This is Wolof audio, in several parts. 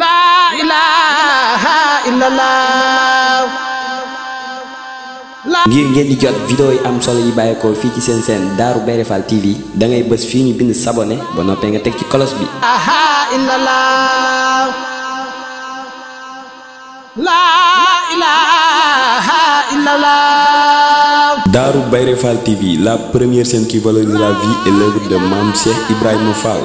laa ngir ngeen di jot vidéo yi am solo yi bàyyeekoo fii ci seen seen Darou Bairé Fall TV da bës fii ñu bind sabonné ba noppee nga teg ci kolos bi. Darou Bairé Fall TV la première chaîne qui valorise vie et de Mame Cheikh Ibrahima Fall.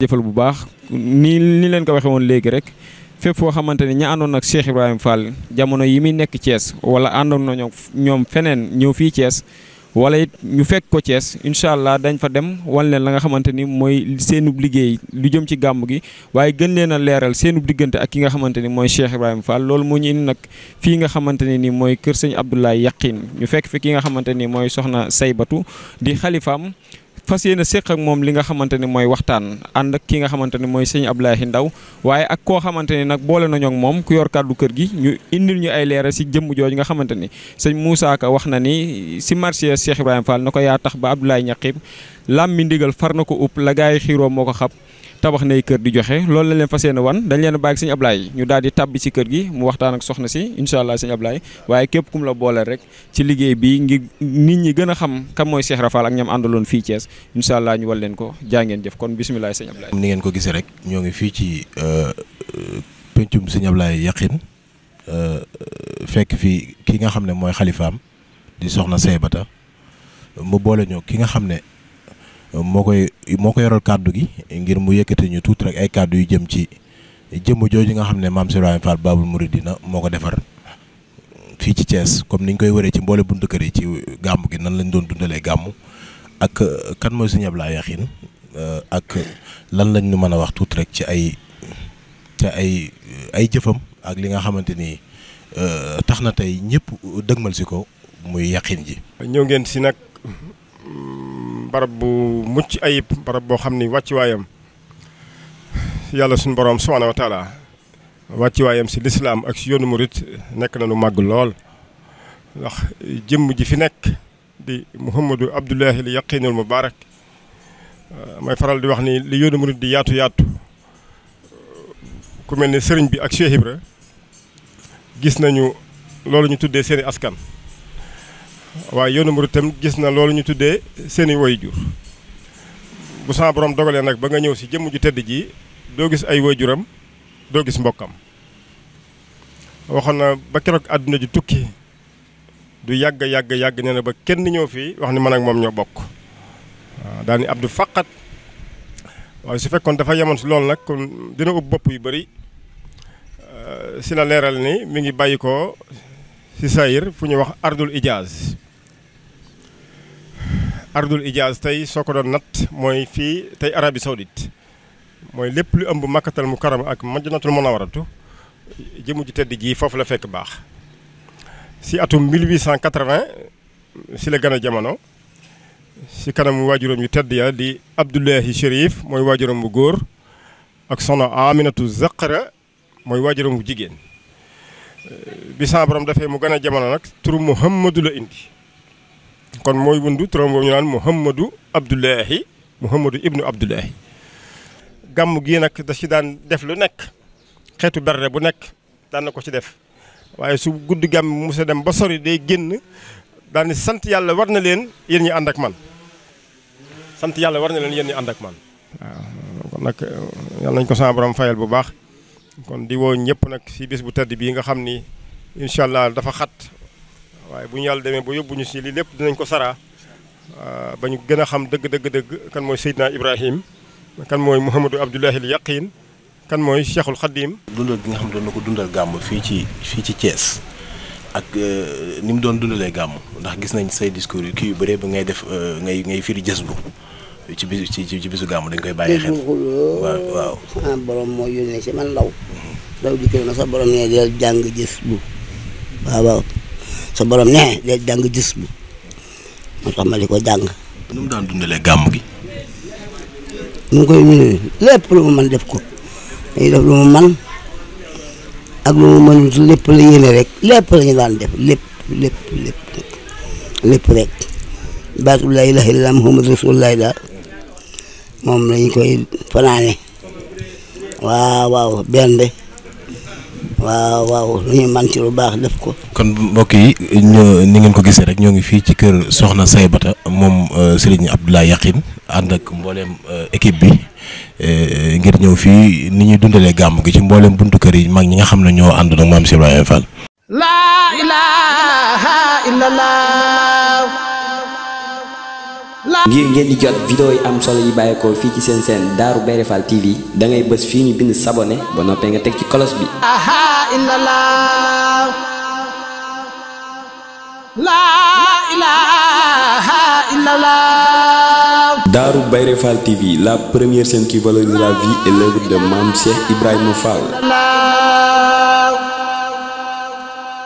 jëfal bu baax ni ni leen ko waxe woon léegi rek fépp foo xamante ne ña àndoon ak Cheikh Ibrahima Fall jamono yi muy nekk cees wala àndoon na ñoom feneen ñëw fii cees wala it ñu fekk ko Thiès incha allah dañ fa dem wan leen la nga xamante ni mooy seenub liggéey lu jëm ci gàmm gi waaye gën leen a leeral seenub diggante ak ki nga xamante ni mooy Cheikh Ibrahima Fall loolu moo ñu indi nag fii nga xamante ne ni mooy kër sëñ Abdoulaye Yaqin ñu fekk fi ki nga xamante ni mooy soxna Saybatu di xalifaam fas yéene séq ak moom li nga xamante ne mooy waxtaan ànd ak ki nga xamante ne mooy sëñ Abdoulaye Ndaw waaye ak koo xamante ne nag boole nañook moom ku yor kàddu kër gi ñu indil ñu ay leeral si jëmm jooju nga xamante ni sëñ Moussa wax na ni si marché Cheikh Ibrahima Fall na ko yaa tax ba Abdoulaye Niakhib lam mi ndigal far ko upp la gaay xiro moko xap tabax ne keur di joxe loolu la leen fas wan dañ leen bàyyi seigne ablaye ñu daal di tàbbi ci keur gi mu waxtaan ak soxna si inshallah allah ablaye waye kep kum la bolal rek ci liggey bi ngi nit ñi gëna xam kam moy Cheikh Rafal ak ñam andalon fi Thiès inshallah allah ñu wal leen ko jaa ngeen jëf kon bismillah seigne ablaye ni ngeen ko gisse rek fi ngi fii ci euh, seigne ablaye yaqin euh fekk fi ki nga xamne ne khalifam di soxna Seybata mu bolé ñoo ki nga xamne moo koy moo ko yoral kàddu gi ngir mu yëkkati ñu tuuti rek ay kàddu yu jëm ci jëmm jooju nga xam ne maam Cheikh Ibrahima Fall Babul Mouridina moo ko defar fii ci Thiès comme niñ koy waree ci mboole buntu kër yi ci gàmm gi nan lañu doon dundalee gàmmu ak kan mooy Serigne Abdoulaye Yakhine euh, ak lan lañ mën a wax tuuti rek ci ay ay ay jëfam ak li nga xamante ni euh, tax na tey ñëpp dëgmal si ko muy Yakhine ji. ñëw ngeen si nag. barab bu mucc ayib barab boo xam ni si yàlla suñu borom subhaana wa taala wàccuwaayam si lislaam ak si yoonu murit nekk na lu màgg lool ndax jëmm ji fi nekk di Mouhamadou Abdoulahi li yaqinul mubaarak ah, may faral di wax ni li yoonu murit di yaatu yaatu ku mel ni sëriñ bi ak Cheikh Ibra gis nañu loolu ñu tuddee seeni askan waaye yonu murid tam gis na loolu ñu tuddee seeni wayjur bu sama borom dogalee nag ba nga ñëw si jëmm ju tedd ji doo gis ay wayjuram doo gis mbokkam waxoon na ba keroog àdduna ji tukki du yàgg yàgg yàgg nee na ba kenn ñëw fii wax ni man ak moom ñoo bokk waaw ni abdu faqat waaye su fekkoon dafa yemoon si loolu nag kon dina ub bopp yu bari si la leeral ni mi ngi bàyyi si sayir fu ñuy wax ardul ijaaz ardul ijaaz tey soo ko doon natt mooy fii tey Arabie Saoudite mooy lépp lu ëmb makkatal mu karam ak madinatul munawaratu jëmu ji tedd jii foofu la fekk baax si atum 1880 si la gën jamono si kanam waajuram yu tedd ya di Abdullahi Chérif mooy waajuram bu góor ak soxna Aminatu Zaqra mooy waajuram bu jigéen Euh, bi saa borom mu gën jamono nag turu Muhammadu la indi kon mooy wundu turam boobu ñu naan Muhammadu Abdullahi Muhammadu ibnu Abdullahi gàmm gii nag da ci daan def lu nekk xeetu berne bu nekk daan na ko ci def waaye su gudd gàmm mu dem ba sori day génn daan sant yàlla war na leen yéen ñi ànd ak man sant yàlla war na leen yenn ñi ànd ak man. waaw yàlla nañ ko sama borom fayal bu baax. kon di woo ñëpp nag si bis bu tedd bii nga xam ni incha allah dafa xat waaye bu ñu yàlla demee ba yóbbu ñu si lii lépp dinañ ko saraa euh, ba ñu gën a xam dëgg dëgg dëgg kan mooy Seydina Ibrahim kan mooy Mouhamadou Abdoulahi al Yaqin kan mooy Cheikhul Khadim. dundal gi nga xam doon na ko dundal gàmm fii ci fii ci Thiès ak euh, ni mu doon dundalee gàmm ndax gis nañ say discours yu kii yu baree ba ngay def euh, ngay ngay firi jës bu ci bisu ci ci bisu gàmm dañ koy bàyyi xel. waaw waaw. ah borom moo yónnee si man iya ndaw. ndaw dikkee na sa borom nee del jàng gis bu. waaw waaw sa borom nee del jàng gis bu. moo tax ma di ko jàng. nu daan dundalee gàmm gi. mu koy nuyu lépp lu man def ko. dañuy def lu man ak lu mu mënut la yéene rek lépp la ñu daan def lépp lépp lépp lépp rek. baatu laa ilaaha illallaah Muhammadu rasuulullaah moom lañ koy fanaane waaw waaw bernde waaw waaw lu ñu ci lu baax def ko. kon mbokk yi ñu ni ngeen ko gisee rek ñoo ngi fii ci kër Soxna Saybata moom euh, Serigne Abdoulaye Yakhine ànd ak mboolem euh, équipe bi euh, ngir ñëw fii ni ñuy dundalee gàmm gi ci mbooleem buntu kër yi mag ñi nga xam ne ñoo ànd ak maam Cheikh Ibrahima Fall. laa ilaaha illallah. ngir ngeen di jot vidéo yi am solo yi bàyyeekoo fii ci seen seen daaru Bairé Fall TV dangay ngay fii ñu bind sabonné ba noppee nga teg ci kolos bi. Darou Bairé Fall TV la première chaîne qui valorise la vie et l'œuvre de Mame Cheikh Ibrahima Fall.